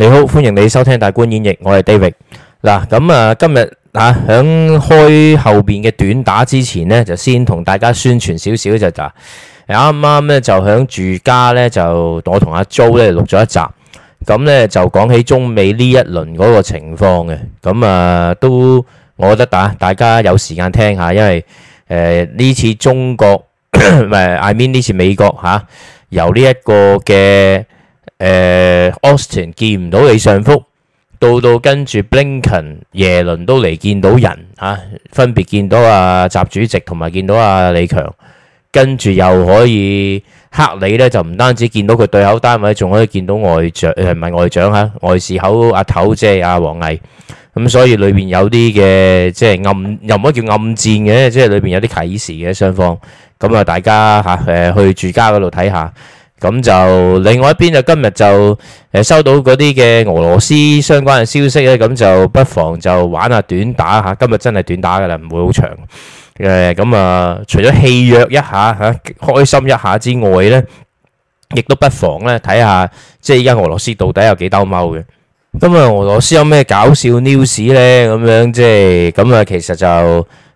你好，歡迎你收聽大觀演繹，我係 David 嗱，咁啊今日吓響開後邊嘅短打之前呢，就先同大家宣傳少少就咋，啱啱咧就響住家咧就我同阿 Jo 咧錄咗一集，咁、啊、咧就講起中美呢一輪嗰個情況嘅，咁啊都我覺得打大家有時間聽下，因為誒呢、呃、次中國唔係 I mean 呢次美國吓、啊、由呢一個嘅。誒、uh，Austin 見唔到李尚福，到到跟住 Blinken、耶倫都嚟見到人嚇、啊，分別見到阿、啊、習主席同埋見到阿、啊、李強，跟住又可以克里呢，就唔單止見到佢對口單位，仲可以見到外長，誒、唔係外長嚇、啊、外事口阿頭即係阿王毅，咁所以裏邊有啲嘅即係暗又唔可以叫暗戰嘅，即係裏邊有啲啟示嘅雙方，咁啊大家嚇誒、啊、去住家嗰度睇下。咁就另外一邊就今日就誒收到嗰啲嘅俄羅斯相關嘅消息咧，咁就不妨就玩下短打嚇，今日真係短打噶啦，唔會好長。誒咁啊，除咗戲約一下嚇、啊，開心一下之外咧，亦都不妨咧睇下，即係依家俄羅斯到底有幾兜踎嘅。咁啊，俄羅斯有咩搞笑 news 咧？咁樣即係咁啊，其實就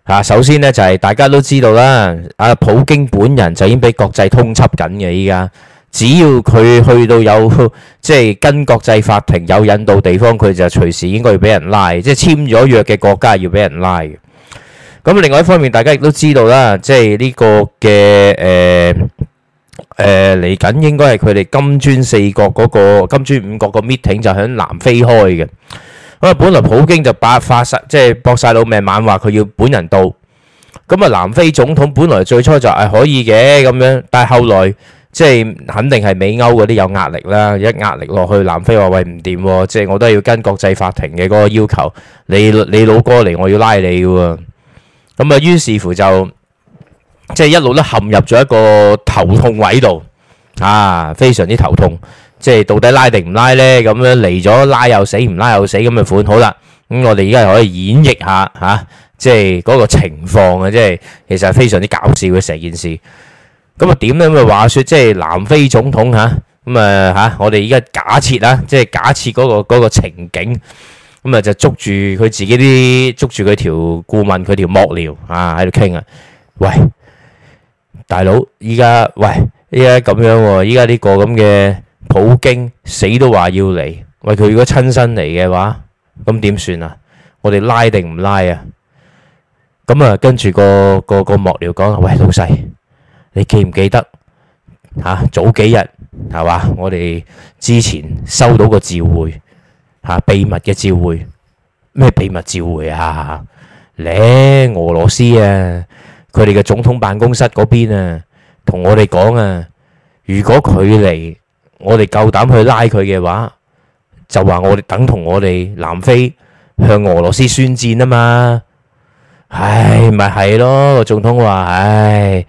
嚇、啊、首先咧就係、是、大家都知道啦，阿、啊、普京本人就已經俾國際通緝緊嘅依家。只要佢去到有即係跟國際法庭有引渡地方，佢就隨時應該要俾人拉。即係簽咗約嘅國家要俾人拉嘅。咁另外一方面，大家亦都知道啦，即係呢個嘅誒誒嚟緊應該係佢哋金磚四國嗰個金磚五國個 meeting 就響南非開嘅。咁啊，本來普京就白髮晒，即係搏晒老命猛話，佢要本人到。咁啊，南非總統本來最初就係、哎、可以嘅咁樣，但係後來。即係肯定係美歐嗰啲有壓力啦，一壓力落去南非話喂唔掂喎，即係我都係要跟國際法庭嘅嗰個要求，你你老哥嚟我要拉你噶、啊、喎，咁啊於是乎就即係一路都陷入咗一個頭痛位度，啊非常之頭痛，即係到底拉定唔拉呢？咁樣嚟咗拉又死，唔拉又死咁嘅款，好啦，咁我哋而家可以演繹下嚇、啊，即係嗰個情況啊，即係其實係非常之搞笑嘅成件事。咁啊，點咧咪話說，即係南非總統吓咁啊吓。我哋依家假設啦，即係假設嗰個嗰個情景，咁啊就捉住佢自己啲，捉住佢條顧問佢條幕僚啊喺度傾啊。喂，大佬，依家喂依家咁樣，依家呢個咁嘅普京死都話要嚟喂。佢如果親身嚟嘅話，咁點算啊？我哋拉定唔拉啊？咁啊，跟住個個個幕僚講啊，喂老細。你記唔記得嚇？早、啊、幾日係嘛？我哋之前收到個照會嚇、啊、秘密嘅照會，咩秘密照會啊？咧俄羅斯啊，佢哋嘅總統辦公室嗰邊啊，同我哋講啊，如果佢嚟，我哋夠膽去拉佢嘅話，就話我哋等同我哋南非向俄羅斯宣戰啊嘛。唉，咪係咯，總統話唉。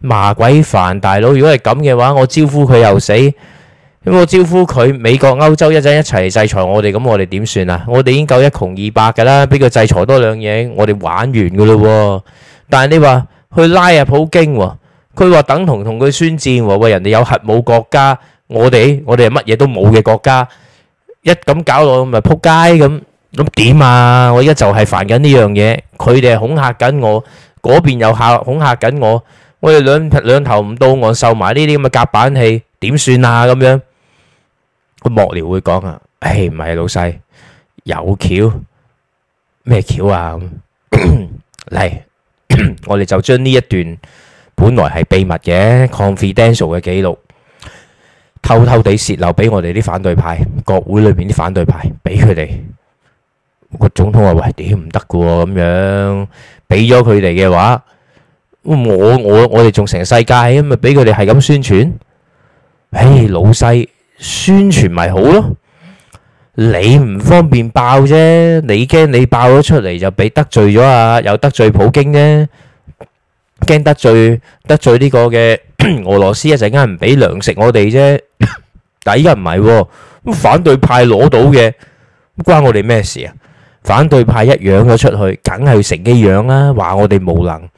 麻鬼煩大佬！如果係咁嘅話，我招呼佢又死咁，我招呼佢美國、歐洲一陣一齊制裁我哋，咁我哋點算啊？我哋已經夠一窮二白噶啦，俾佢制裁多兩嘢，我哋玩完噶咯。但係你話去拉下普京，佢話等同同佢宣戰喂，人哋有核武國家，我哋我哋係乜嘢都冇嘅國家，一咁搞到，咪撲街咁咁點啊？我而家就係煩緊呢樣嘢，佢哋係恐嚇緊我，嗰邊又吓恐嚇緊我。我哋兩兩頭唔到岸，受埋呢啲咁嘅夾板氣，點算啊？咁樣，個幕僚會講啊？誒，唔係老細，有橋咩橋啊？嚟，我哋就將呢一段本來係秘密嘅 confidential 嘅記錄，偷偷地泄漏俾我哋啲反對派，國會裏邊啲反對派，俾佢哋。個總統話：喂，點唔得嘅咁樣？俾咗佢哋嘅話。我我我哋仲成世界咁，因為俾佢哋係咁宣傳。唉，老細宣傳咪好咯。你唔方便爆啫，你驚你爆咗出嚟就俾得罪咗啊，又得罪普京啫，驚得罪得罪呢個嘅俄羅斯一陣間唔俾糧食我哋啫。但係依家唔係咁，反對派攞到嘅，關我哋咩事啊？反對派一養咗出去，梗係要乘機養啦，話我哋無能。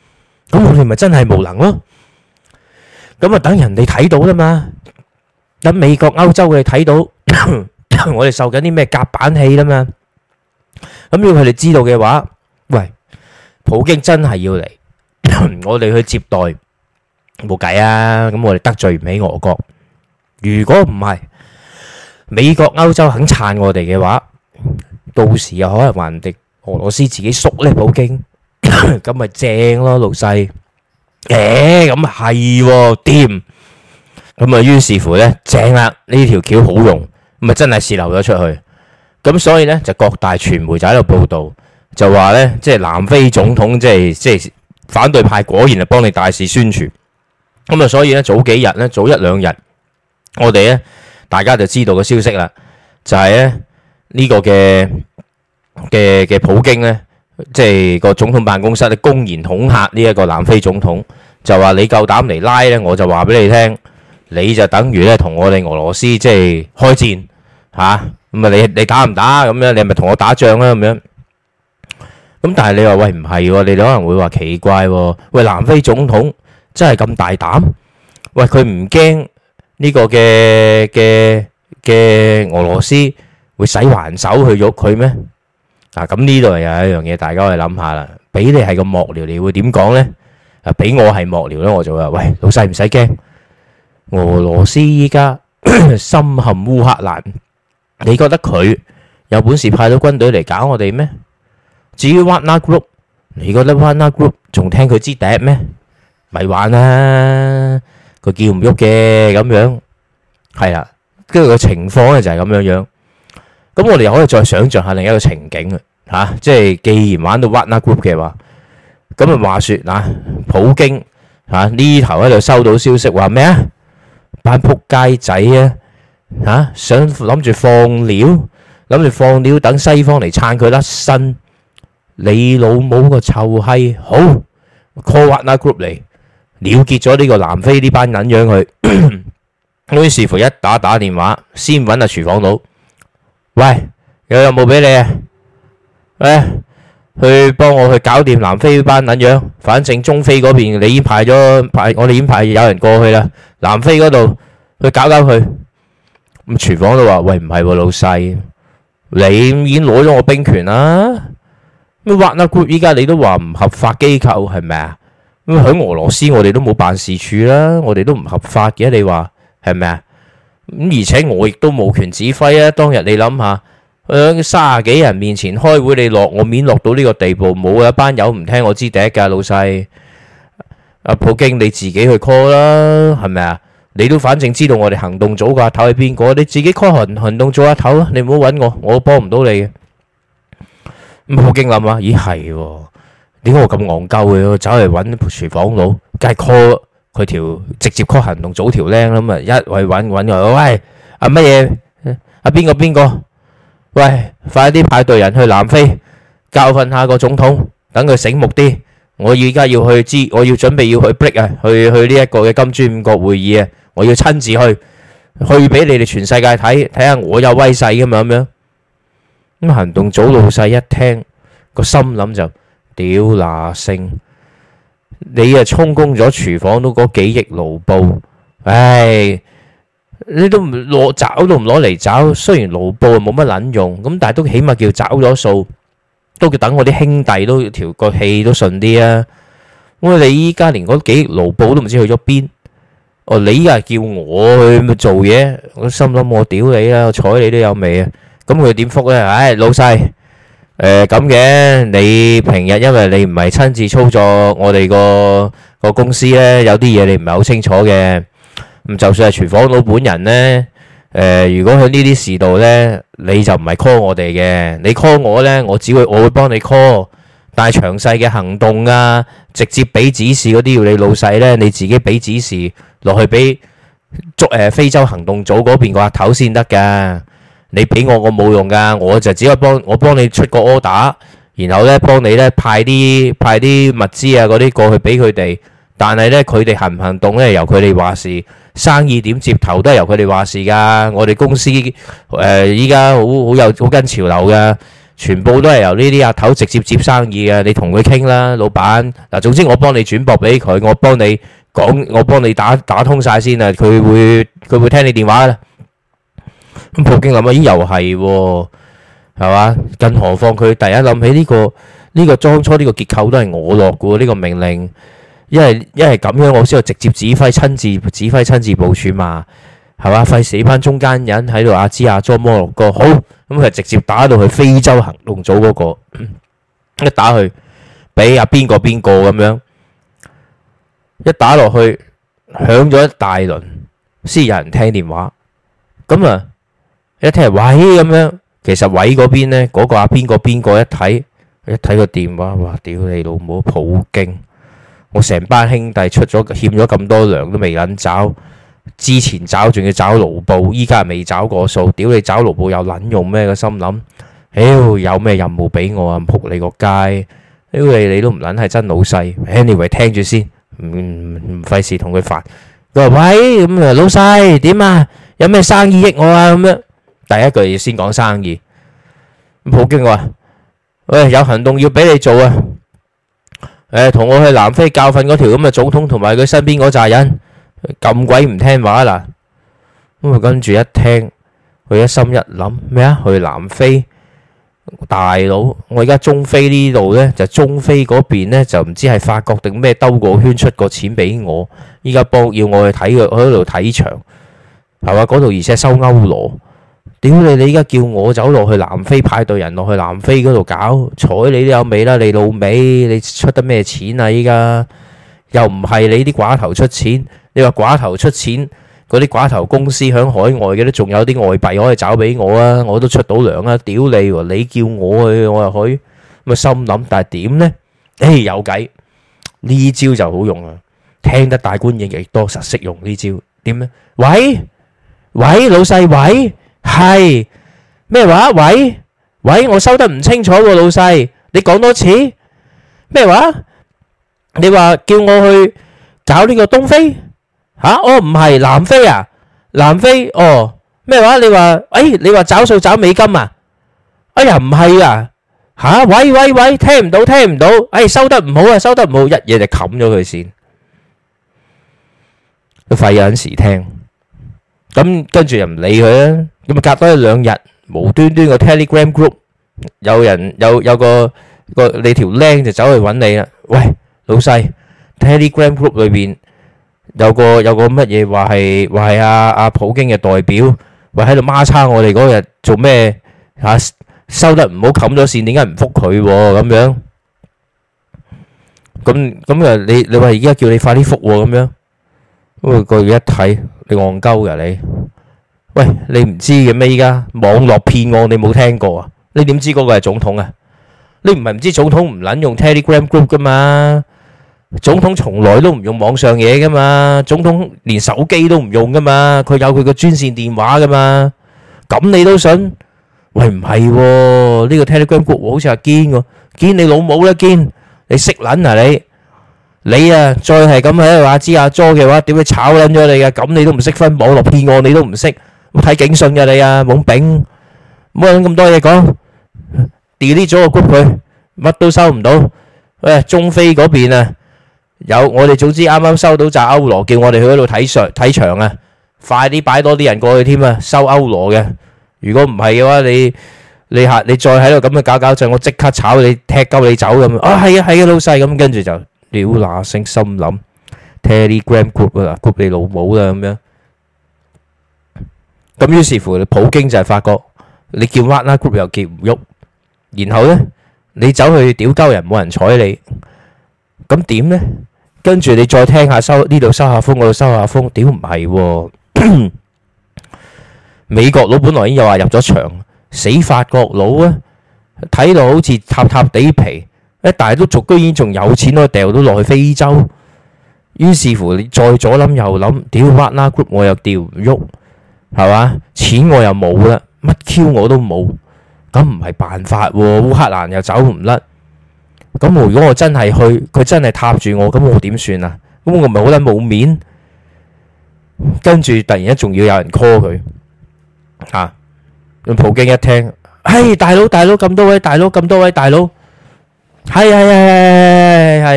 咁我哋咪真係無能咯？咁啊，等人哋睇到啦嘛，等美國、歐洲佢哋睇到， 我哋受緊啲咩夾板氣啦嘛？咁要佢哋知道嘅話，喂，普京真係要嚟， 我哋去接待冇計啊！咁我哋得罪唔起俄國。如果唔係美國、歐洲肯撐我哋嘅話，到時又可能還敵俄羅斯自己縮咧普京。咁咪正咯，老細，誒，咁啊係，掂，咁啊於是乎咧，正啦，呢條橋好用，咪真係洩漏咗出去，咁所以咧就各大傳媒就喺度報道，就話咧即係南非總統即係即係反對派果然係幫你大肆宣傳，咁啊所以咧早幾日咧早一兩日，我哋咧大家就知道個消息啦，就係咧呢個嘅嘅嘅普京咧。即係個總統辦公室咧公然恐嚇呢一個南非總統，就話你夠膽嚟拉咧，我就話俾你聽，你就等於咧同我哋俄羅斯即係開戰吓，咁啊你你打唔打咁樣？你係咪同我打仗啊咁樣？咁但係你話喂唔係，你哋可能會話奇怪，喂，南非總統真係咁大膽？喂，佢唔驚呢個嘅嘅嘅俄羅斯會使還手去郁佢咩？嗱，咁呢度又有一樣嘢，大家去諗下啦。俾你係個幕僚，你會點講咧？啊，俾我係幕僚咧，我就話：喂，老細唔使驚，俄羅斯依家深陷烏克蘭，你覺得佢有本事派到軍隊嚟搞我哋咩？至於 Wagner Group，你覺得 Wagner Group 仲聽佢支笛咩？咪玩啦，佢叫唔喐嘅咁樣，係啦，跟住個情況咧就係咁樣樣。咁我哋又可以再想像下另一個情景啊，嚇，即係既然玩到 Wagner Group 嘅話，咁啊，話説嗱，普京嚇，呢頭喺度收到消息話咩啊？班撲街仔啊嚇，想諗住放料，諗住放料等西方嚟撐佢甩身，你老母個臭閪，好 Call Wagner Group 嚟了結咗呢個南非呢班撚樣佢，於是乎一打打電話先揾啊廚房佬。喂，有任務俾你啊！誒，去幫我去搞掂南非班撚樣，反正中非嗰邊你已經派咗派，我哋已經派有人過去啦。南非嗰度去搞搞佢。咁廚房都話：喂，唔係老細，你已經攞咗我兵權啦。乜 Wagner Group？依家你都話唔合法機構係咪啊？咁喺俄羅斯我哋都冇辦事處啦，我哋都唔合法嘅，你話係咪啊？咁而且我亦都冇權指揮啊！當日你諗下，誒三廿幾人面前開會，你落我面落到呢個地步，冇一班友唔聽我知第一架，老細。阿普京你自己去 call 啦，係咪啊？你都反正知道我哋行動組嘅頭係邊個，你自己 call 行行動組阿頭啦，你唔好揾我，我幫唔到你嘅。咁普京諗下，咦係喎？點解我咁戇鳩嘅，走去揾廚房佬梗係 call？去條直接 call 行動組條靚，咁啊，一去揾揾我，喂，啊乜嘢？啊邊個邊個，喂，快啲派隊人去南非教訓下個總統，等佢醒目啲。我而家要去支，我要準備要去逼啊，去去呢一個嘅金磚五國會議啊，我要親自去，去俾你哋全世界睇，睇下我有威勢㗎嘛咁樣。咁行動組老細一聽，個心諗就屌那性。你又充公咗廚房都嗰幾億盧布，唉，你都唔攞找都唔攞嚟找，雖然盧布冇乜撚用，咁但係都起碼叫找咗數，都叫等我啲兄弟都條個氣都順啲啊！我哋你依家連嗰幾億盧布都唔知去咗邊，哦，你依家叫我去做嘢，我心諗我屌你啦，我睬你都有味啊！咁佢點覆咧？唉，老細。誒，咁嘅、呃，你平日因為你唔係親自操作我哋個個公司咧，有啲嘢你唔係好清楚嘅。就算係廚房佬本人咧，誒、呃，如果喺呢啲事度咧，你就唔係 call 我哋嘅，你 call 我咧，我只會我會幫你 call，但係詳細嘅行動啊，直接俾指示嗰啲要你老細咧，你自己俾指示落去俾捉誒、呃、非洲行動組嗰邊個阿頭先得噶，你俾我我冇用噶，我就只可以幫我幫你出個 order，然後咧幫你咧派啲派啲物資啊嗰啲過去俾佢哋，但係咧佢哋行唔行動咧由佢哋話事，生意點接頭都係由佢哋話事噶。我哋公司誒依家好好有好跟潮流噶，全部都係由呢啲阿頭直接接生意噶。你同佢傾啦，老闆嗱，總之我幫你轉駁俾佢，我幫你講，我幫你,你打打通晒先啊，佢會佢會,會聽你電話啦。普京諗啊，咦，又係係嘛？更何況佢第一諗起呢、這個呢、這個當初呢個結構都係我落嘅呢、這個命令，因為因為咁樣我先有直接指揮、親自指揮、親自部署嘛，係嘛？費事班中間人喺度阿支阿佐摩洛哥好咁，佢直接打到去非洲行動組嗰、那個、嗯、一打去俾阿邊個邊個咁樣一打落去響咗一大輪，先有人聽電話咁啊！一喂咁樣，其實位嗰邊呢，嗰個阿邊個邊個一睇一睇個電話，哇！屌你老母普京，我成班兄弟出咗欠咗咁多糧都未撚找，之前找仲要找勞部，依家未找過數。屌你找勞部又撚用咩？個心諗，屌有咩任務俾我啊？撲你個街屌你，你都唔撚係真老細。anyway 聽住先，唔唔費事同佢煩。佢話喂咁啊，老細點啊？有咩生意益我啊？咁樣。第一句要先講生意咁，普京話：喂，有行動要俾你做啊！誒，同我去南非教訓嗰條咁嘅總統，同埋佢身邊嗰扎人咁鬼唔聽話嗱。咁啊，跟住一聽，佢一心一諗咩啊？去南非大佬，我而家中非呢度咧，就中非嗰邊咧，就唔知係法國定咩兜個圈出個錢俾我，依家幫要我去睇佢，去嗰度睇場係嘛？嗰度而且收歐羅。屌你！你依家叫我走落去南非派對人落去南非嗰度搞，睬你都有味啦。你老味，你出得咩錢啊？依家又唔係你啲寡頭出錢，你話寡頭出錢嗰啲寡頭公司響海外嘅咧，仲有啲外幣可以找俾我啊！我都出到糧啊！屌你，你叫我去，我又去咁啊。心諗，但係點咧？誒，有計呢招就好用啊！聽得大觀演繹多，實識用呢招點咧？喂喂，老細喂！係咩話？喂喂，我收得唔清楚，啊，老細，你講多次咩話？你話叫我去搞呢個東非吓，啊？哦，唔係南非啊，南非哦咩話？你話誒、哎，你話找數找美金啊？哎呀，唔係啊吓，啊？喂喂喂，聽唔到，聽唔到，誒、哎，收得唔好啊，收得唔好，一嘢就冚咗佢先，都費緊時聽。咁跟住又唔理佢啦，咁啊隔多一兩日無端端個 Telegram Group 有人有有個個你條僆就走去揾你啦。喂，老細，Telegram Group 裏邊有個有個乜嘢話係話係阿阿普京嘅代表，話喺度孖叉我哋嗰日做咩嚇收得唔好冚咗線，點解唔覆佢咁樣？咁咁啊你你話而家叫你快啲覆喎咁樣，咁啊嗰日一睇。你戇鳩㗎你？喂，你唔知嘅咩？依家網絡騙案你冇聽過啊？你點知嗰個係總統啊？你唔係唔知總統唔撚用 Telegram Group 㗎嘛？總統從來都唔用網上嘢㗎嘛？總統連手機都唔用㗎嘛？佢有佢個專線電話㗎嘛？咁你都信？喂，唔係喎，呢個 Telegram Group 好似阿堅喎，堅你老母啦堅，你識撚啊你？你啊，再係咁喺度話知阿 Jo 嘅話，點會炒捻咗你噶？咁你都唔識分網絡騙案你，你都唔識睇警訊噶你啊，懵丙，冇諗咁多嘢講，delete 咗個 group 佢，乜都收唔到。喂、哎，中非嗰邊啊，有我哋早知啱啱收到紮歐羅，叫我哋去嗰度睇場睇場啊，快啲擺多啲人過去添啊，收歐羅嘅。如果唔係嘅話，你你下你再喺度咁嘅搞搞震，我即刻炒你踢鳩你走咁啊。係啊係啊，啊，老細咁跟住就。屌那聲，心諗 Telegram group 啊，group 你老母啦咁樣。咁於是乎，你普京就係發覺你叫屈啦，group 又叫唔喐。然後咧，你走去屌鳩人，冇人睬你。咁點咧？跟住你再聽下收呢度收下風，嗰度收下風，屌唔係喎。美國佬本來已經又話入咗場，死法國佬啊！睇到好似塌塌地皮。但係都仲居然仲有錢可以掉到落去非洲，於是乎你再左諗右諗，屌乜啦，group 我又掉唔喐，係嘛？錢我又冇啦，乜 Q 我都冇，咁唔係辦法喎。烏克蘭又走唔甩，咁如果我真係去，佢真係踏住我，咁我點算啊？咁我咪好撚冇面，跟住突然間仲要有人 call 佢，吓，咁普京一聽，嘿，大佬大佬，咁多位大佬，咁多位大佬。係係係係係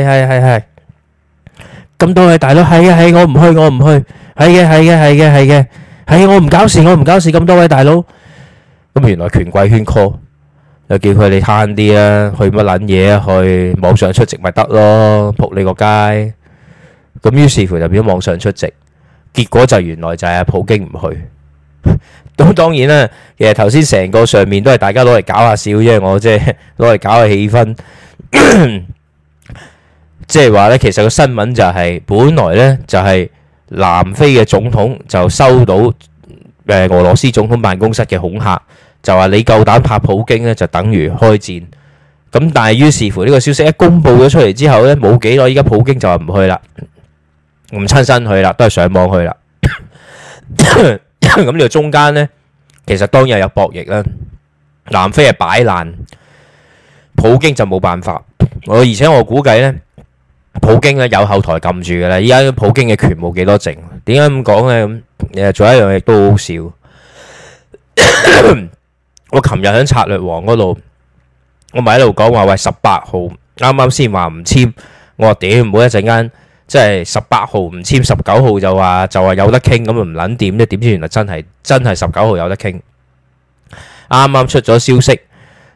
係係係，咁多位大佬係啊係，我唔去，我唔去，係嘅係嘅係嘅係嘅，係我唔搞事，我唔搞事。咁多位大佬咁，原來權貴圈 call 又叫佢哋慳啲呀，去乜捻嘢啊？去網上出席咪得咯，撲你個街咁。於是乎就變咗網上出席，結果就原來就係普京唔去。咁當然啦，其實頭先成個上面都係大家攞嚟搞下笑啫，我即係攞嚟搞下氣氛。即係話呢，其實個新聞就係本來呢就係南非嘅總統就收到誒俄羅斯總統辦公室嘅恐嚇，就話你夠膽拍普京呢，就等於開戰。咁但係於是乎呢個消息一公佈咗出嚟之後呢，冇幾耐，依家普京就話唔去啦，唔親身去啦，都係上網去啦。咁呢個中間呢，其實當日有博弈啦，南非係擺爛。普京就冇辦法，我而且我估計呢，普京呢有後台撳住嘅啦。依家普京嘅權冇幾多剩，點解咁講呢？咁誒，仲有一樣嘢都好笑。 我琴日喺策略王嗰度，我咪喺度講話喂，十八號啱啱先話唔簽，我話點，唔好一陣間即係十八號唔簽，十九號就話就話有得傾，咁唔捻點咧？點知原來真係真係十九號有得傾，啱啱出咗消息。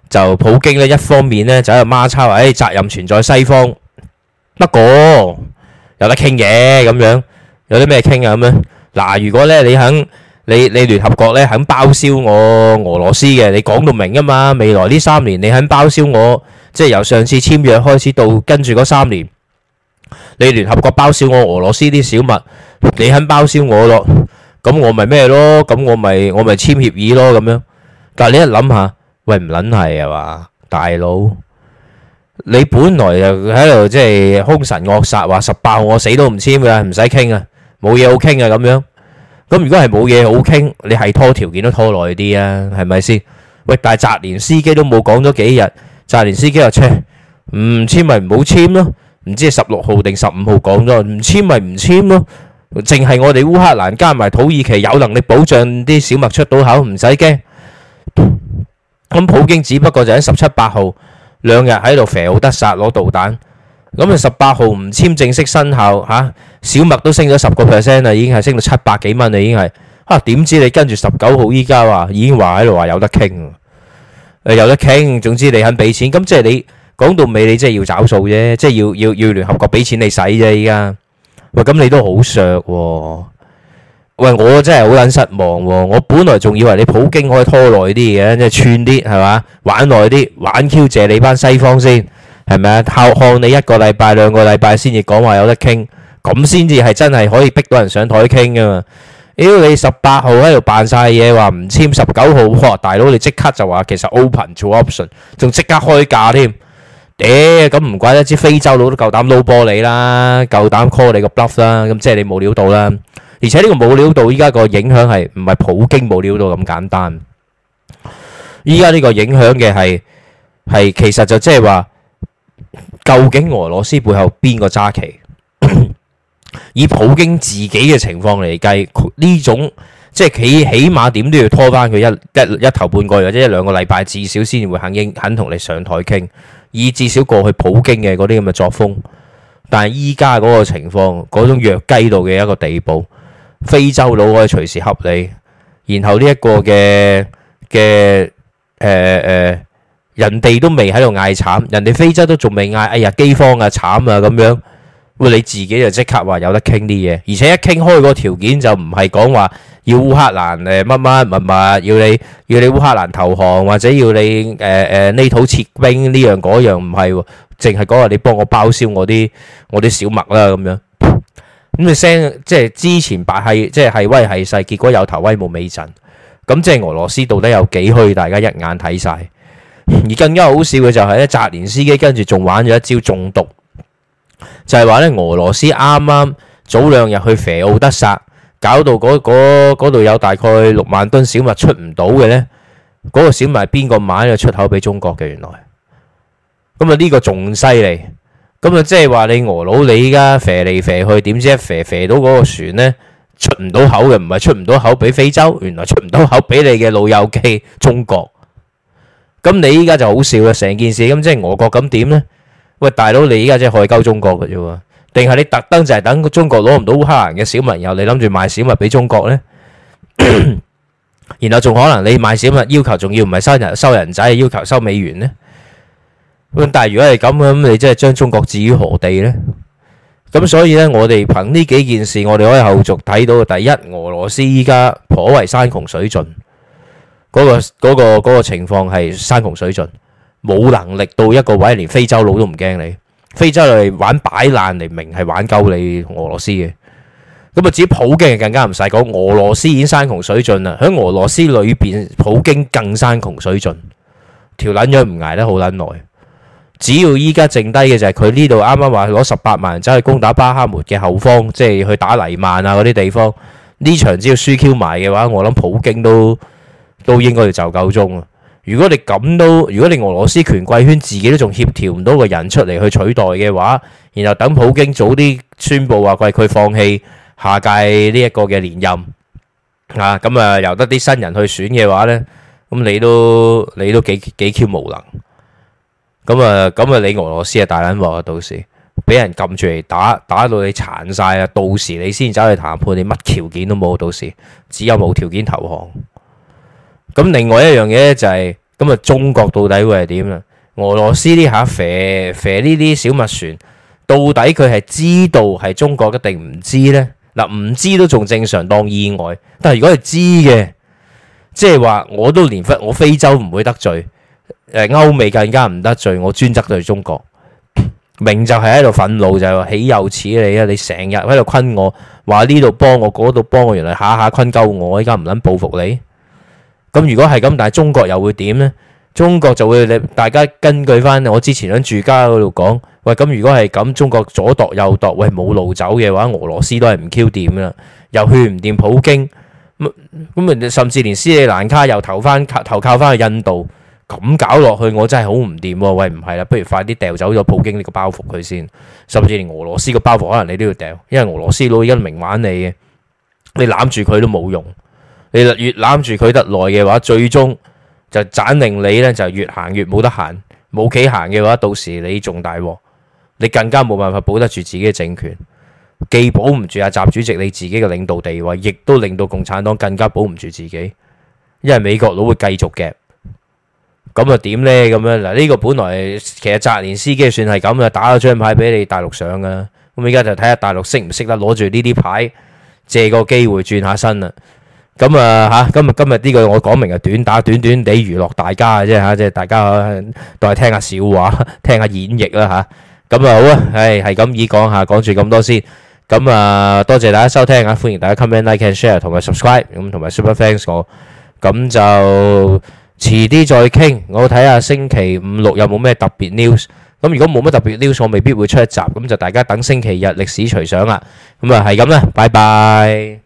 就普京咧，一方面咧就喺度孖抄話，誒、哎、責任存在西方，不過有得傾嘅咁樣，有啲咩傾啊咁樣。嗱，如果咧你肯，你你聯合國咧肯包銷我俄羅斯嘅，你講到明啊嘛。未來呢三年你肯包銷我，即係由上次簽約開始到跟住嗰三年，你聯合國包銷我俄羅斯啲小物，你肯包銷我咯？咁我咪咩咯？咁我咪我咪簽協議咯咁樣。但係你一諗下。喂，唔撚係啊！嘛，大佬，你本來就喺度即係凶神惡煞，話十八號我死都唔簽㗎，唔使傾啊，冇嘢好傾啊，咁樣咁如果係冇嘢好傾，你係拖條件都拖耐啲啊，係咪先？喂，但係澤連司機都冇講咗幾日，澤連司機又稱唔簽咪唔好簽咯，唔知係十六號定十五號講咗，唔簽咪唔簽咯，淨係我哋烏克蘭加埋土耳其有能力保障啲小麥出到口，唔使驚。咁普京只不過就喺十七八號兩日喺度肥奧德薩攞導彈，咁啊十八號唔簽正式生效吓，小麥都升咗十個 percent 啦，已經係升到七百幾蚊啦，已經係吓點知你跟住十九號依家，話已經話喺度話有得傾，誒，有得傾，總之你肯俾錢，咁即係你講到尾你真係要找數啫，即係要要要聯合國俾錢你使啫，依家喂，咁你都好削喎。喂，我真係好捻失望喎。我本來仲以為你普京可以拖耐啲嘅，即係串啲係嘛，玩耐啲玩 Q 借你返西方先係咪啊？看看你一個禮拜、兩個禮拜先至講話有得傾，咁先至係真係可以逼到人上台傾噶嘛？妖你十八號喺度扮晒嘢，話唔簽十九號，大佬你即刻就話其實 open to option，仲即刻開價添？屌咁唔怪得之非洲佬都夠膽撈波你啦，夠膽 call 你個 bluff 啦，咁即係你冇料到啦。而且呢個冇料到，依家個影響係唔係普京冇料到咁簡單？依家呢個影響嘅係係其實就即係話，究竟俄羅斯背後邊個揸旗？ 以普京自己嘅情況嚟計，呢種即係起起碼點都要拖翻佢一一一頭半個月或者一兩個禮拜，至少先至會肯應肯同你上台傾。以至少過去普京嘅嗰啲咁嘅作風，但係依家嗰個情況嗰種弱雞到嘅一個地步。非洲佬可以隨時合理，然後呢一個嘅嘅誒誒，人哋都未喺度嗌慘，人哋非洲都仲未嗌，哎呀，饑荒啊，慘啊咁樣，喂，你自己就即刻話有得傾啲嘢，而且一傾開個條件就唔係講話要烏克蘭誒乜乜物物，要你要你烏克蘭投降或者要你誒誒呢土撤兵呢樣嗰樣唔係喎，淨係講話你幫我包銷我啲我啲小麥啦咁樣。咁你、嗯、聲即係之前白係即係係威係勢，結果有頭威冇尾陣。咁即係俄羅斯到底有幾虛？大家一眼睇晒。而更加好笑嘅就係、是、咧，澤連斯基跟住仲玩咗一招中毒，就係話咧，俄羅斯啱啱早兩日去肥奧德薩，搞到嗰、那、度、個那個那個那個、有大概六萬噸小麥出唔到嘅呢嗰、那個小麥邊個買咗出口俾中國嘅？原來咁啊，呢個仲犀利。咁啊，即係話你俄佬，你依家肥嚟肥去，點知肥肥到嗰個船呢，出唔到口嘅，唔係出唔到口俾非洲，原來出唔到口俾你嘅老友記中國。咁你依家就好笑啦，成件事咁即係俄國咁點呢？喂，大佬你依家即係害鳩中國嘅啫，定係你特登就係等中國攞唔到烏克蘭嘅小麥後，你諗住賣小麥俾中國呢？然後仲可能你賣小麥要求仲要唔係收人收人仔，要求收美元呢？但係如果係咁，咁你真係將中國置於何地咧？咁所以咧，我哋憑呢幾件事，我哋可以後續睇到。第一，俄羅斯依家頗為山窮水盡，嗰個嗰個嗰個情況係山窮水盡，冇能力到一個位，連非洲佬都唔驚你。非洲嚟玩擺爛嚟明係玩鳩你俄羅斯嘅。咁啊，至於普京更加唔使講，俄羅斯已經山窮水盡啦。喺俄羅斯裏邊，普京更山窮水盡，條捻樣唔挨得好捻耐。只要依家剩低嘅就係佢呢度啱啱話攞十八萬走去攻打巴哈姆嘅後方，即係去打黎曼啊嗰啲地方。呢場只要輸 Q 埋嘅話，我諗普京都都應該要就夠鐘啊！如果你咁都，如果你俄羅斯權貴圈自己都仲協調唔到個人出嚟去取代嘅話，然後等普京早啲宣布話係佢放棄下屆呢一個嘅連任啊，咁啊由得啲新人去選嘅話呢，咁你都你都幾幾 Q 無能。咁啊，咁啊，你俄羅斯啊，大卵喎！到時俾人撳住嚟打，打到你殘晒啊！到時你先走去談判，你乜條件都冇，到時只有無條件投降。咁另外一樣嘢咧就係，咁啊，中國到底會係點啊？俄羅斯呢下射射呢啲小麥船，到底佢係知道係中國嘅定唔知咧？嗱，唔知都仲正常當意外，但係如果係知嘅，即係話我都連番我非洲唔會得罪。誒，歐美更加唔得罪我，專責對中國明就係喺度憤怒，就係話豈有此理啊！你成日喺度昆我，話呢度幫我，嗰度幫我，原來下下昆鳩我，依家唔捻報復你咁。如果係咁，但係中國又會點呢？中國就會你大家根據翻我之前喺住家嗰度講喂，咁如果係咁，中國左度右度，喂冇路走嘅話，俄羅斯都係唔 q 掂啦，又去唔掂普京咁，咁啊，甚至連斯里蘭卡又投翻投靠翻去印度。咁搞落去，我真係好唔掂喎！喂，唔係啦，不如快啲掉走咗普京呢個包袱佢先，甚至連俄羅斯個包袱，可能你都要掉，因為俄羅斯佬而家明玩你嘅，你攬住佢都冇用，你越攬住佢得耐嘅話，最終就盞令你呢就越行越冇得行，冇企行嘅話，到時你仲大鑊，你更加冇辦法保得住自己嘅政權，既保唔住阿習主席你自己嘅領導地位，亦都令到共產黨更加保唔住自己，因為美國佬會繼續嘅。咁啊，點呢？咁樣嗱，呢個本來其實澤連司機算係咁啊，打咗張牌俾你大陸上噶。咁依家就睇下大陸識唔識得攞住呢啲牌，借個機會轉下身啦。咁啊吓、啊，今日今日呢個我講明係短打，短短地娛樂大家啊，啫。吓，即係大家、啊、當係聽下笑話，聽下演繹啦吓。咁啊，啊好啊，唉，係咁意講下，講住咁多先。咁啊，多謝大家收聽啊，歡迎大家 comment、 like share，同埋 subscribe，咁同埋 super thanks 我。咁就。遲啲再傾，我睇下星期五六有冇咩特別 news。咁如果冇咩特別 news，我未必會出一集，咁就大家等星期日歷史隨想啦。咁啊，係咁啦，拜拜。